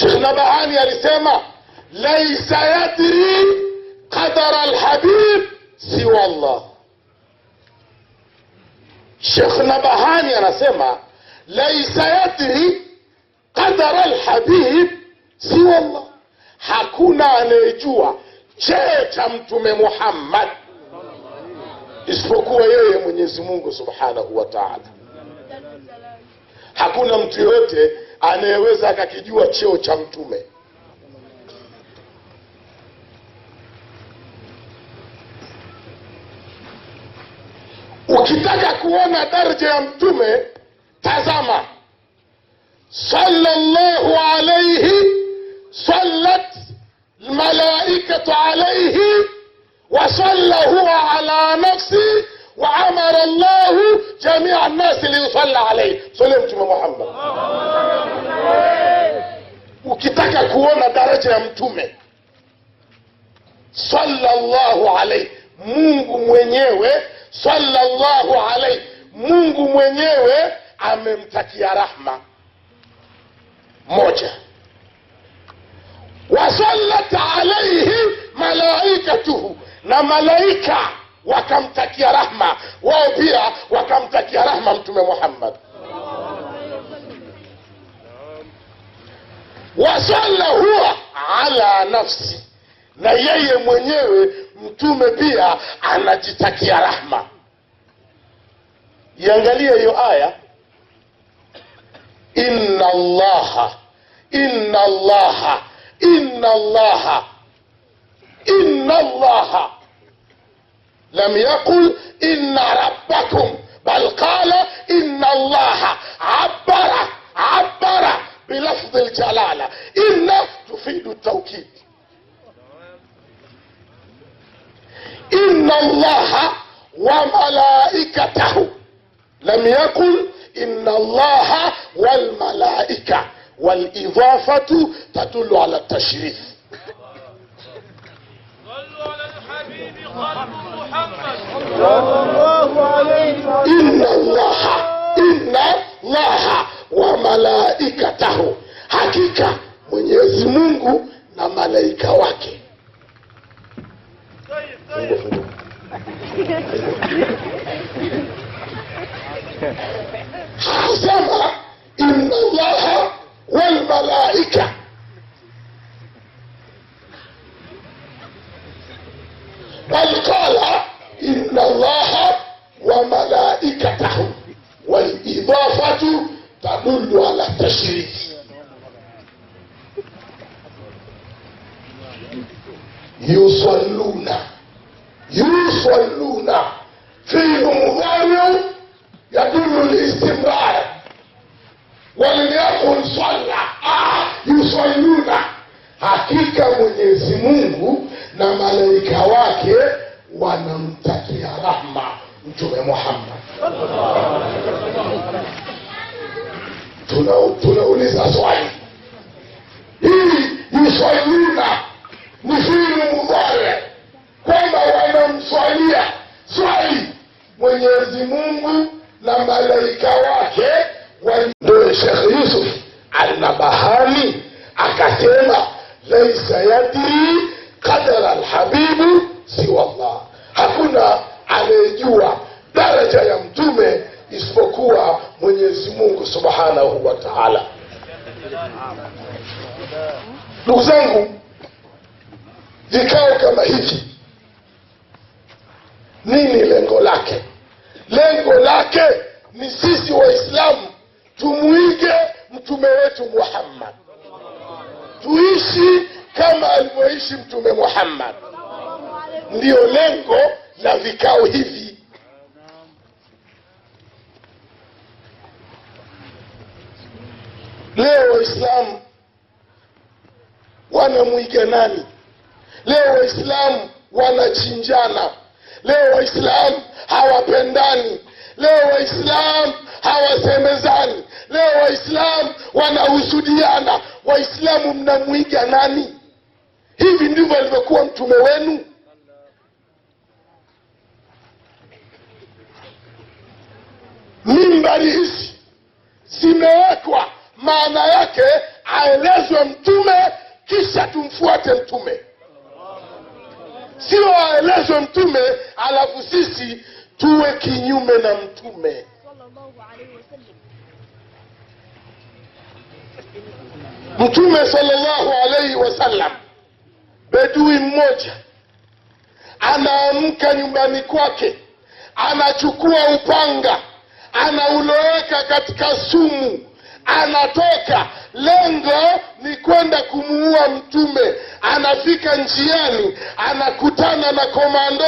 Sheikh Nabahani alisema laisa yadri qadara alhabib siwa Allah. Sheikh Nabahani anasema laisa yadri qadara alhabib siwa Allah, hakuna anayejua cheo cha Mtume Muhammad isipokuwa yeye Mwenyezi Mungu subhanahu wa taala. Hakuna mtu yoyote anayeweza akakijua cheo cha mtume. Ukitaka kuona daraja ya mtume, tazama sallallahu alayhi sallat malaikatu alayhi wa salla huwa ala nafsi wa amara llahu jamia nnasi liyusalla alaihi. Swali Mtume Muhammad. Ukitaka kuona daraja ya Mtume sallallahu alaihi, Mungu mwenyewe sallallahu alaihi, Mungu mwenyewe amemtakia rahma moja wasallat alaihi malaikatuhu, na malaika wakamtakia rahma, wao pia wakamtakia rahma Mtume Muhammad wasalla huwa ala nafsi, na yeye mwenyewe mtume pia anajitakia rahma. Iangalie hiyo aya, inna allaha inna allaha inna allaha inna allaha لم يقل إن ربكم بل قال إن الله عبر عبر بلفظ الجلالة إن تفيد التوكيد إن الله وملائكته لم يقل إن الله والملائكة والإضافة تدل على التشريف صلوا على الحبيب inna llaha wa malaikatahu, hakika Mwenyezi Mungu na malaika wake. Hakusema inna wal malaika inna allaha wa malaikatahu wal idafatu tadullu ala tashriki yusalluna yusalluna fihim mudhariu yadulu listimrar waliyakun swalla ah, yusalluna hakika mwenyezi mungu na malaika wake wanamtakia rahma Mtume Muhammad. Tunauliza swali hili ni swalina ni filu mudhare kwamba wanamswalia swali Mwenyezi Mungu na malaika wake ndio Shekh Yusuf Annabahani akasema laisa yadri qadara alhabibu sio Allah. hakuna anayejua daraja ya mtume isipokuwa Mwenyezi Mungu subhanahu wa taala. Ndugu zangu, vikao kama hivi nini lengo lake? Lengo lake ni sisi Waislamu tumuige mtume wetu Muhammad, tuishi kama alivyoishi mtume Muhammad. Ndiyo lengo la vikao hivi. Leo Waislamu wanamwiga nani? Leo Waislamu wanachinjana. Leo Waislamu hawapendani. Leo Waislamu hawasemezani. Leo Waislamu wanahusudiana. Waislamu mnamwiga nani? Hivi ndivyo alivyokuwa mtume wenu? mimbari hizi zimewekwa, maana yake aelezwe mtume kisha tumfuate mtume, sio aelezwe mtume alafu sisi tuwe kinyume na mtume. Mtume sallallahu alaihi wasallam, bedui mmoja anaamka nyumbani kwake, anachukua upanga anauloweka katika sumu, anatoka. Lengo ni kwenda kumuua Mtume. Anafika njiani, anakutana na komando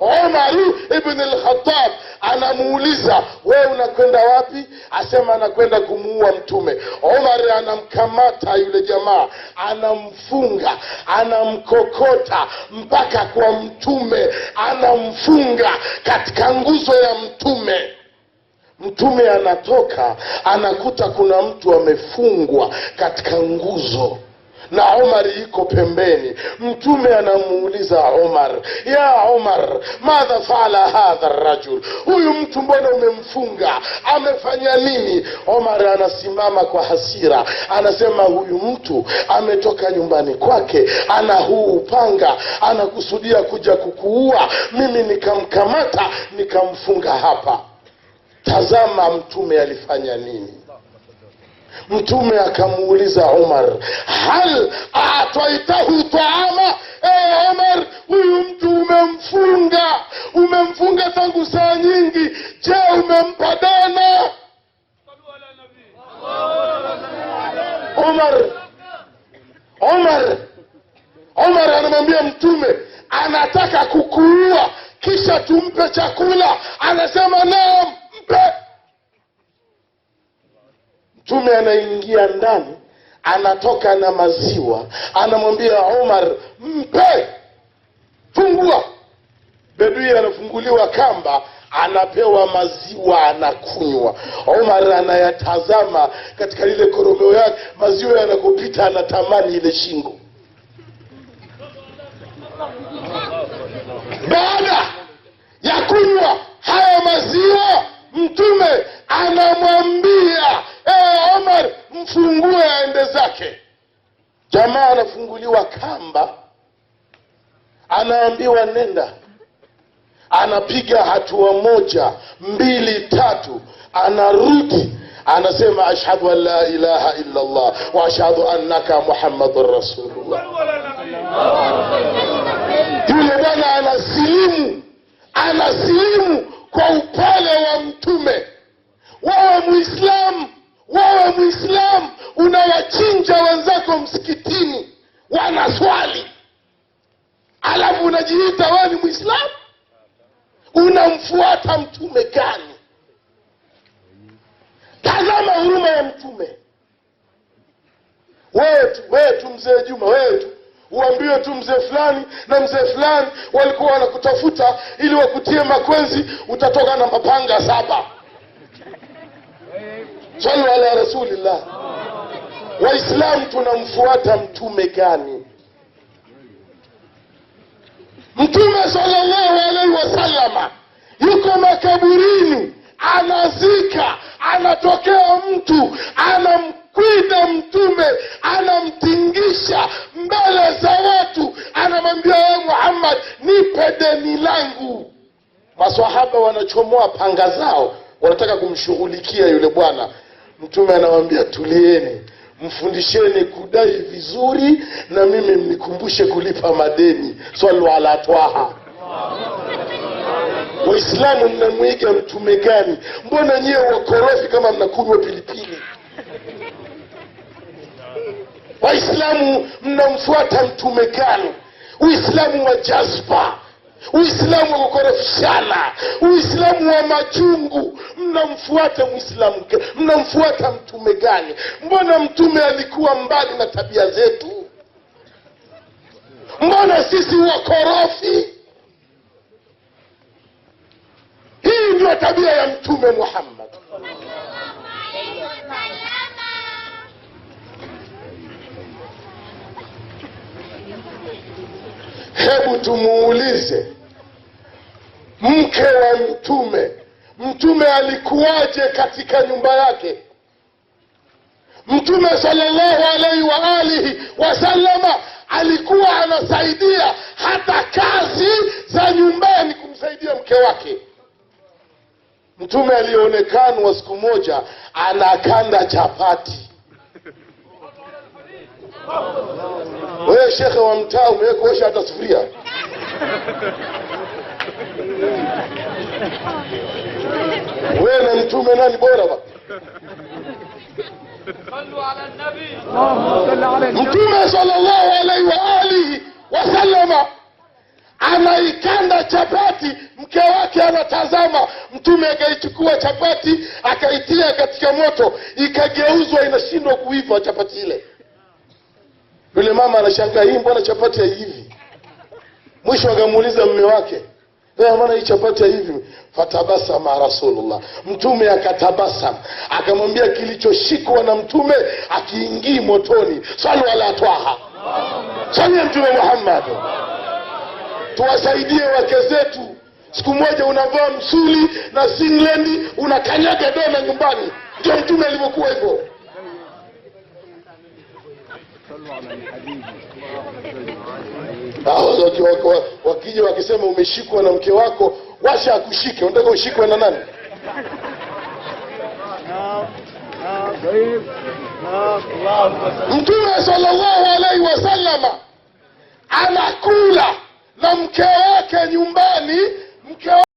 Omar ibn al-Khattab, anamuuliza wewe unakwenda wapi? Asema anakwenda kumuua Mtume. Omar anamkamata yule jamaa, anamfunga, anamkokota mpaka kwa Mtume, anamfunga katika nguzo ya Mtume. Mtume anatoka anakuta kuna mtu amefungwa katika nguzo na Omar iko pembeni. Mtume anamuuliza Omar, ya Omar, madha faala hadha rajul, huyu mtu mbona umemfunga, amefanya nini? Omar anasimama kwa hasira, anasema huyu mtu ametoka nyumbani kwake, ana huu upanga, anakusudia kuja kukuua, mimi nikamkamata nikamfunga hapa Tazama mtume alifanya nini? Mtume akamuuliza Umar, hal atwaitahu taama? E, Umar, huyu mtu umemfunga, umemfunga tangu saa nyingi. Je, umempa dana? Umar, Umar, Umar anamwambia mtume anataka kukuua kisha tumpe chakula, anasema naam plaît. Mtume anaingia ndani, anatoka na maziwa, anamwambia Omar, mpe, fungua. Bedui anafunguliwa kamba anapewa maziwa anakunywa. Omar anayatazama katika lile koromeo yake, maziwa yanakopita, anatamani ile shingo. Baada ya kunywa haya maziwa, Mtume anamwambia e, Omar, mfungue aende zake. Jamaa anafunguliwa kamba, anaambiwa nenda. Anapiga hatua moja mbili tatu, anarudi anasema ashhadu an la ilaha illa Allah wa ashhadu annaka muhammadun rasulullah. Yule bwana anasilimu, anasilimu kwa upole wa Mtume. Wewe Muislamu, wewe Muislamu unawachinja wenzako msikitini, wanaswali, alafu unajiita wewe ni Muislamu? Unamfuata mtume gani? Tazama huruma ya Mtume. Wewe tu, wewe tu, mzee Juma, wewe tu uambiwe tu mzee fulani na mzee fulani walikuwa wanakutafuta ili wakutie makwenzi, utatoka na mapanga saba. salu ala rasulillah. Waislamu tunamfuata mtume gani? Mtume salllahu alaihi wasalama yuko makaburini, anazika, anatokea mtu ana maswahaba wanachomoa panga zao, wanataka kumshughulikia yule bwana. Mtume anawaambia tulieni, mfundisheni kudai vizuri na mimi mnikumbushe kulipa madeni. Swalu ala twaha. Waislamu mnamwiga mtume gani? Mbona nyewe wakorofi kama mnakunywa pilipili? Waislamu mnamfuata mtume gani? Uislamu wa jazba Uislamu wa kukorofishana, Uislamu wa majungu. Mnamfuata Muislamu, mnamfuata mtume gani? Mbona mtume alikuwa mbali na tabia zetu? Mbona sisi wakorofi? Hii ndio tabia ya Mtume Muhammad. Hebu tumuulize mke wa Mtume, Mtume alikuwaje katika nyumba yake? Mtume sallallahu alaihi wa alihi alikuwa anasaidia hata kazi za nyumbani kumsaidia mke wake. Mtume aliyeonekanwa siku moja anakanda chapati wewe shekhe wa mtaa umewe kuosha hata sufuria? Wewe na mtume nani bora ba? Mtume sallallahu alaihi wa alihi anaikanda chapati, mke wake anatazama. Mtume akaichukua chapati akaitia katika moto, ikageuzwa, inashindwa kuiva chapati ile. Yule mama anashangaa, hii mbona chapati ya hivi? Mwisho akamuuliza mume wake, eh, mbona hii chapati ya hivi? Fatabasama Rasulullah, Mtume akatabasam, akamwambia kilichoshikwa na Mtume akiingii motoni. Salu ala twaha, salu ya Mtume Muhammad. Tuwasaidie wake zetu. Siku moja unavaa msuli na singlendi unakanyaga dona nyumbani, ndio Mtume alivyokuwa hivyo. Wakija wakisema umeshikwa na mke wako, washa akushike. Unataka ushikwe na nani? Mtume salllahu alaihi wasalama anakula na mke wake nyumbani mke